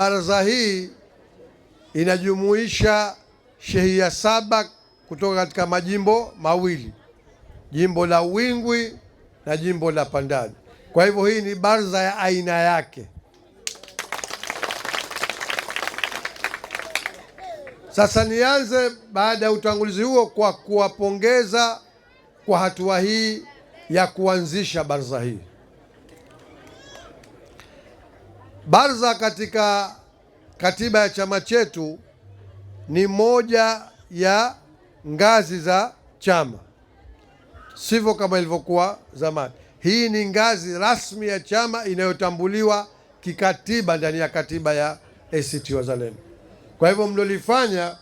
Baraza hii inajumuisha shehia saba kutoka katika majimbo mawili, jimbo la Wingwi na jimbo la Pandani. Kwa hivyo hii ni baraza ya aina yake. Sasa nianze baada ya utangulizi huo kwa kuwapongeza kwa hatua hii ya kuanzisha baraza hii. Barza katika katiba ya chama chetu ni moja ya ngazi za chama, sivyo kama ilivyokuwa zamani. Hii ni ngazi rasmi ya chama inayotambuliwa kikatiba ndani ya katiba ya ACT Wazalendo. Kwa hivyo mlolifanya,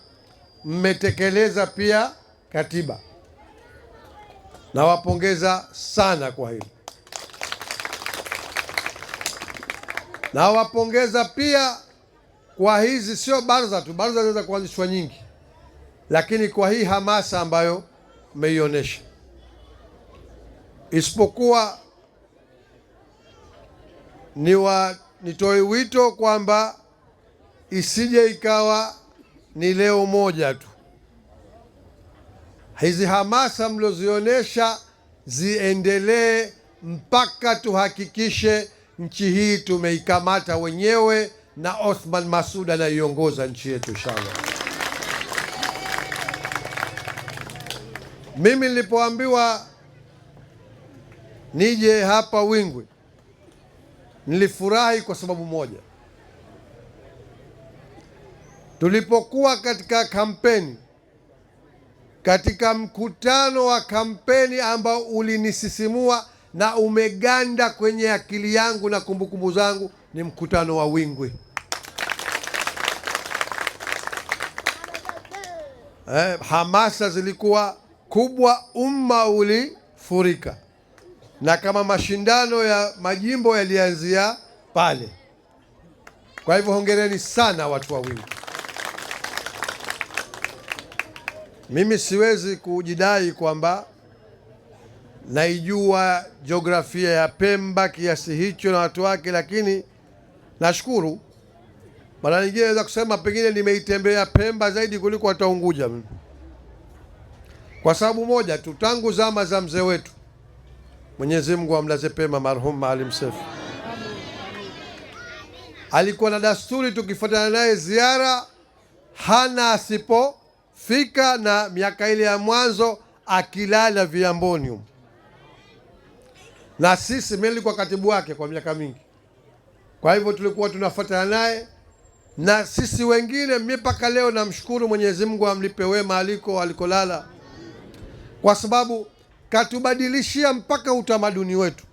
mmetekeleza pia katiba. Nawapongeza sana kwa hili Nawapongeza pia kwa hizi, sio baraza tu, baraza zinaweza kuanzishwa nyingi, lakini kwa hii hamasa ambayo mmeionyesha, isipokuwa ni wa nitoe wito kwamba isije ikawa ni leo moja tu. Hizi hamasa mlizozionyesha ziendelee mpaka tuhakikishe nchi hii tumeikamata wenyewe, na Othman Masud anaiongoza nchi yetu inshallah. Mimi nilipoambiwa nije hapa Wingwi nilifurahi kwa sababu moja. Tulipokuwa katika kampeni, katika mkutano wa kampeni ambao ulinisisimua na umeganda kwenye akili yangu na kumbukumbu zangu ni mkutano wa Wingwi. Eh, hamasa zilikuwa kubwa, umma ulifurika, na kama mashindano ya majimbo yalianzia pale. Kwa hivyo hongereni sana watu wa Wingwi. Mimi siwezi kujidai kwamba naijua jiografia ya Pemba kiasi hicho na watu wake, lakini nashukuru mara nyingine naweza kusema pengine nimeitembea Pemba zaidi kuliko hata Unguja, kwa sababu moja tu, tangu zama za mzee wetu, Mwenyezi Mungu amlaze pema, marhum Maalim Seif, alikuwa na dasturi tukifuatana naye ziara, hana asipofika, na miaka ile ya mwanzo akilala viamboni na sisi mimi nilikuwa katibu wake kwa miaka mingi, kwa hivyo tulikuwa tunafuatana naye na sisi wengine. mipaka mpaka leo namshukuru Mwenyezi Mungu amlipe wema aliko alikolala, kwa sababu katubadilishia mpaka utamaduni wetu.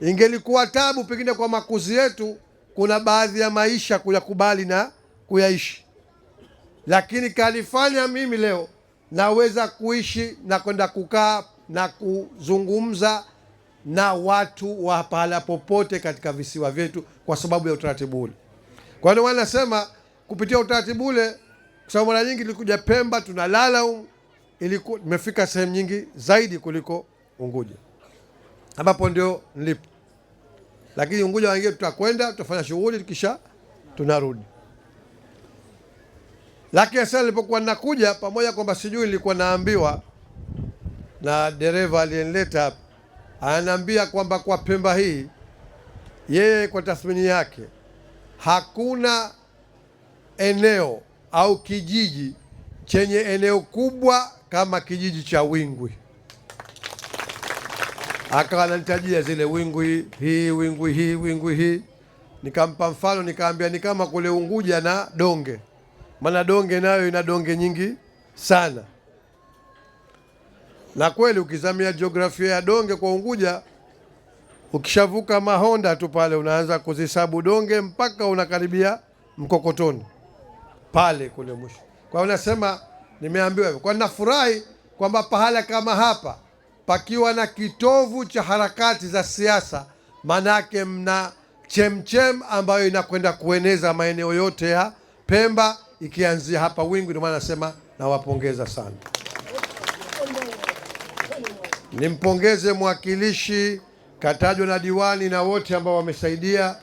Ingelikuwa tabu pengine kwa makuzi yetu, kuna baadhi ya maisha kuyakubali na kuyaishi, lakini kalifanya mimi leo naweza kuishi na kwenda kukaa na kuzungumza na watu wa pahala popote katika visiwa vyetu kwa sababu ya utaratibu ule. Kwa hiyo wanasema kupitia utaratibu ule, kwa sababu mara nyingi tulikuja Pemba tunalala um, ilikuwa imefika sehemu nyingi zaidi kuliko Unguja ambapo ndio nilipo, lakini Unguja wengine tutakwenda tutafanya shughuli kisha tunarudi. Lakini sasa nilipokuwa nakuja, pamoja kwamba sijui nilikuwa naambiwa na dereva aliyenileta hapa ananiambia kwamba kwa Pemba hii yeye kwa tathmini yake hakuna eneo au kijiji chenye eneo kubwa kama kijiji cha Wingwi. Akawa ananitajia zile Wingwi hii Wingwi hii Wingwi hii, nikampa mfano nikaambia ni kama kule Unguja na Donge, maana Donge nayo ina donge nyingi sana. Na kweli ukizamia jiografia ya donge kwa Unguja, ukishavuka Mahonda tu pale unaanza kuzisabu donge mpaka unakaribia Mkokotoni pale kule mwisho. Kwa hiyo nasema, nimeambiwa hivyo kwa, nafurahi kwamba pahala kama hapa pakiwa na kitovu cha harakati za siasa, manake mna chemchem ambayo inakwenda kueneza maeneo yote ya Pemba ikianzia hapa Wingu. Ndio maana nasema nawapongeza sana. Nimpongeze mwakilishi katajwa na diwani na wote ambao wamesaidia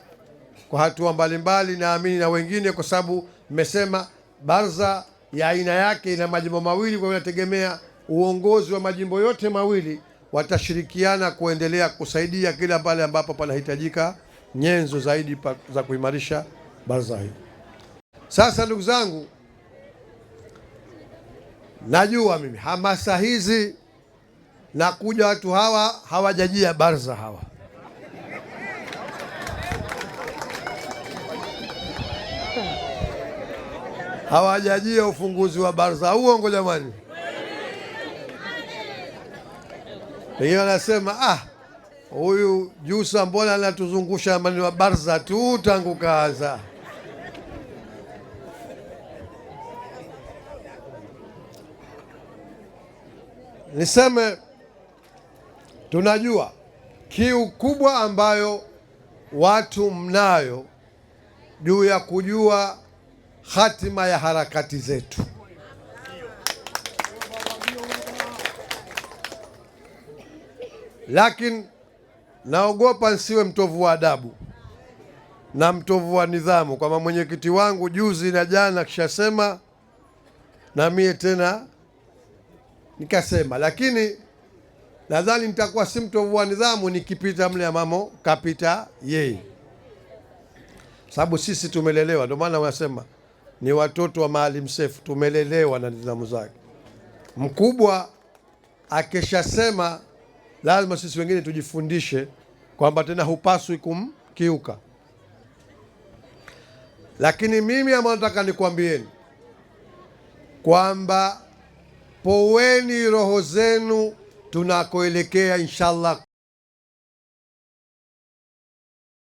kwa hatua mbalimbali, naamini na wengine, kwa sababu mmesema baraza ya aina yake ina majimbo mawili. Kwa inategemea uongozi wa majimbo yote mawili watashirikiana kuendelea kusaidia kila pale ambapo panahitajika nyenzo zaidi pa, za kuimarisha baraza hii Sasa ndugu zangu, najua mimi hamasa hizi na kuja watu hawa hawajajia barza hawa hawajajia ufunguzi wa barza. Uongo jamani, pengine wanasema ah, huyu Jusa mbona anatuzungusha amani wa barza tu tangu kaanza. Niseme Tunajua kiu kubwa ambayo watu mnayo juu ya kujua hatima ya harakati zetu. Lakini naogopa nsiwe mtovu wa adabu na mtovu wa nidhamu, kwamba mwenyekiti wangu juzi na jana kishasema na mie tena nikasema, lakini Nadhani nitakuwa si mtovu wa nidhamu nikipita mle amamo kapita yeye, sababu sisi tumelelewa. Ndio maana wanasema ni watoto wa Maalim Seif, tumelelewa na nidhamu zake. Mkubwa akishasema lazima sisi wengine tujifundishe kwamba tena hupaswi kumkiuka. Lakini mimi ama nataka nikwambieni kwamba poweni roho zenu tunakoelekea inshallah